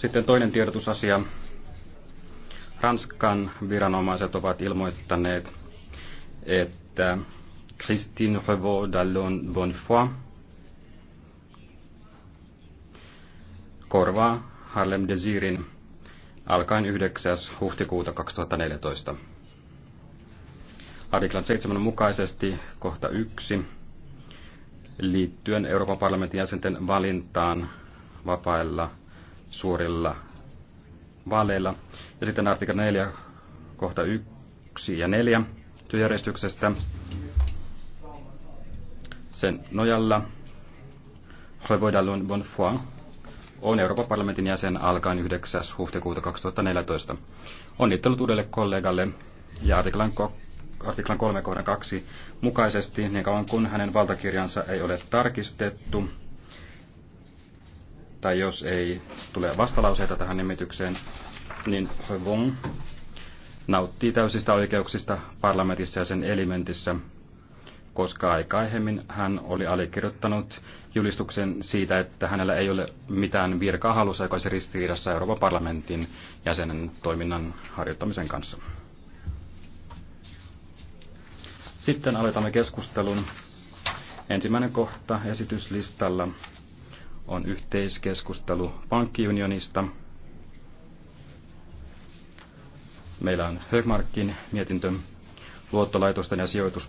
Sitten toinen tiedotusasia. Ranskan viranomaiset ovat ilmoittaneet, että Christine Revaux d'Allon Bonfoy korvaa Harlem Desirin alkaen 9. huhtikuuta 2014. Artiklan 7 mukaisesti kohta 1 liittyen Euroopan parlamentin jäsenten valintaan vapailla suorilla vaaleilla. Ja sitten artikla 4, kohta 1 ja 4 työjärjestyksestä. Sen nojalla Revoidalun Bonfoy on Euroopan parlamentin jäsen alkaen 9. huhtikuuta 2014. Onnittelut uudelle kollegalle ja artiklan, ko- artiklan 3 kohdan 2 mukaisesti niin kauan kun hänen valtakirjansa ei ole tarkistettu tai jos ei tule vastalauseita tähän nimitykseen, niin Hevon nauttii täysistä oikeuksista parlamentissa ja sen elementissä, koska aikaisemmin hän oli allekirjoittanut julistuksen siitä, että hänellä ei ole mitään virkaa halussa, joka olisi ristiriidassa Euroopan parlamentin jäsenen toiminnan harjoittamisen kanssa. Sitten aloitamme keskustelun. Ensimmäinen kohta esityslistalla on yhteiskeskustelu pankkiunionista. Meillä on Högmarkin mietintö luottolaitosten ja sijoituspalveluiden